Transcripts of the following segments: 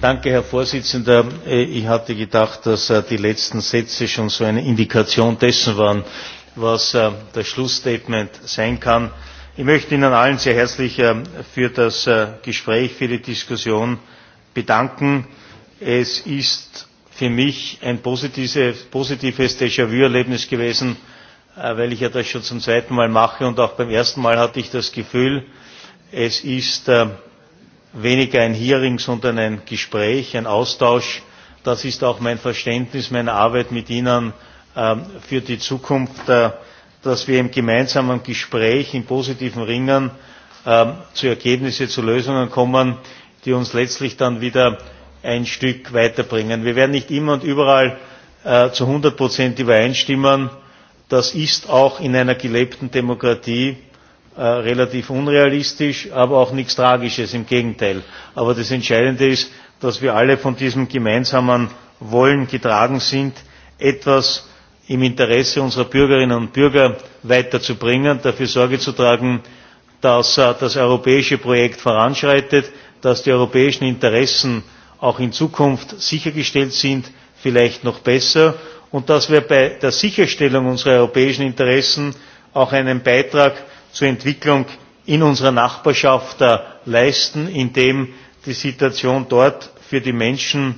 Danke, Herr Vorsitzender. Äh, ich hatte gedacht, dass äh, die letzten Sätze schon so eine Indikation dessen waren, was äh, das Schlussstatement sein kann. Ich möchte Ihnen allen sehr herzlich für das Gespräch, für die Diskussion bedanken. Es ist für mich ein positives, positives Déjà-vu-Erlebnis gewesen, weil ich ja das schon zum zweiten Mal mache und auch beim ersten Mal hatte ich das Gefühl, Es ist äh, weniger ein Hearing, sondern ein Gespräch, ein Austausch. Das ist auch mein Verständnis meine Arbeit mit Ihnen äh, für die Zukunft, äh, dass wir im gemeinsamen Gespräch, im positiven Ringen äh, zu Ergebnissen, zu Lösungen kommen, die uns letztlich dann wieder ein Stück weiterbringen. Wir werden nicht immer und überall äh, zu 100 Prozent übereinstimmen. Das ist auch in einer gelebten Demokratie Äh, relativ unrealistisch, aber auch nichts Tragisches, im Gegenteil. Aber das Entscheidende ist, dass wir alle von diesem gemeinsamen Wollen getragen sind, etwas im Interesse unserer Bürgerinnen und Bürger weiterzubringen, dafür Sorge zu tragen, dass äh, das europäische Projekt voranschreitet, dass die europäischen Interessen auch in Zukunft sichergestellt sind, vielleicht noch besser, und dass wir bei der Sicherstellung unserer europäischen Interessen auch einen Beitrag zur Entwicklung in unserer Nachbarschaft äh, leisten, indem die Situation dort für die Menschen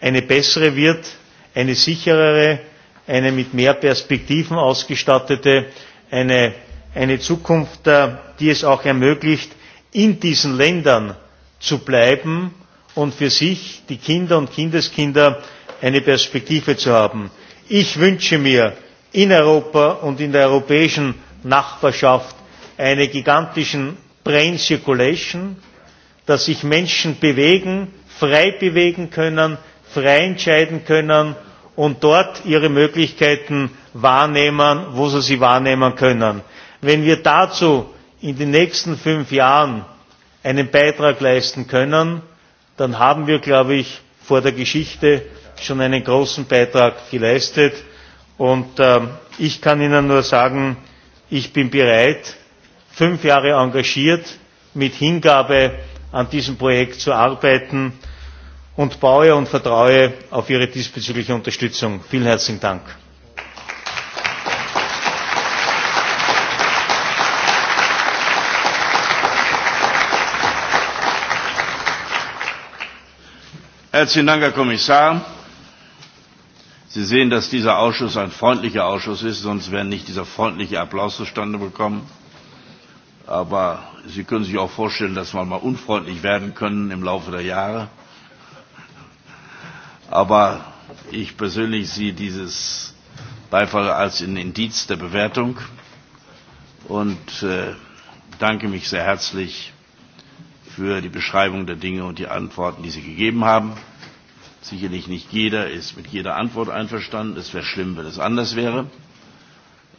eine bessere wird, eine sicherere, eine mit mehr Perspektiven ausgestattete, eine, eine Zukunft, äh, die es auch ermöglicht, in diesen Ländern zu bleiben und für sich, die Kinder und Kindeskinder, eine Perspektive zu haben. Ich wünsche mir in Europa und in der europäischen Nachbarschaft einer gigantischen Brain Circulation, dass sich Menschen bewegen, frei bewegen können, frei entscheiden können und dort ihre Möglichkeiten wahrnehmen, wo sie sie wahrnehmen können. Wenn wir dazu in den nächsten fünf Jahren einen Beitrag leisten können, dann haben wir, glaube ich, vor der Geschichte schon einen großen Beitrag geleistet. Und äh, ich kann Ihnen nur sagen, ich bin bereit, fünf Jahre engagiert, mit Hingabe an diesem Projekt zu arbeiten und baue und vertraue auf Ihre diesbezügliche Unterstützung. Vielen herzlichen Dank. Herzlichen Dank, Herr Kommissar. Sie sehen, dass dieser Ausschuss ein freundlicher Ausschuss ist, sonst wäre nicht dieser freundliche Applaus zustande gekommen. Aber Sie können sich auch vorstellen, dass wir mal unfreundlich werden können im Laufe der Jahre. Aber ich persönlich sehe dieses Beifall als ein Indiz der Bewertung und äh, danke mich sehr herzlich für die Beschreibung der Dinge und die Antworten, die Sie gegeben haben. Sicherlich nicht jeder ist mit jeder Antwort einverstanden. Es wäre schlimm, wenn es anders wäre.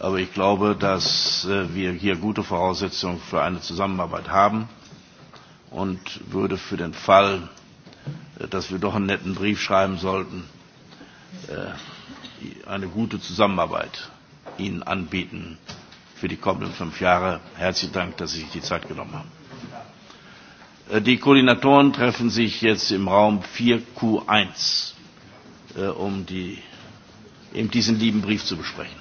Aber ich glaube, dass äh, wir hier gute Voraussetzungen für eine Zusammenarbeit haben und würde für den Fall, äh, dass wir doch einen netten Brief schreiben sollten, äh, eine gute Zusammenarbeit Ihnen anbieten für die kommenden fünf Jahre. Herzlichen Dank, dass Sie sich die Zeit genommen haben. Die Koordinatoren treffen sich jetzt im Raum 4Q1, um, die, eben diesen lieben Brief zu besprechen.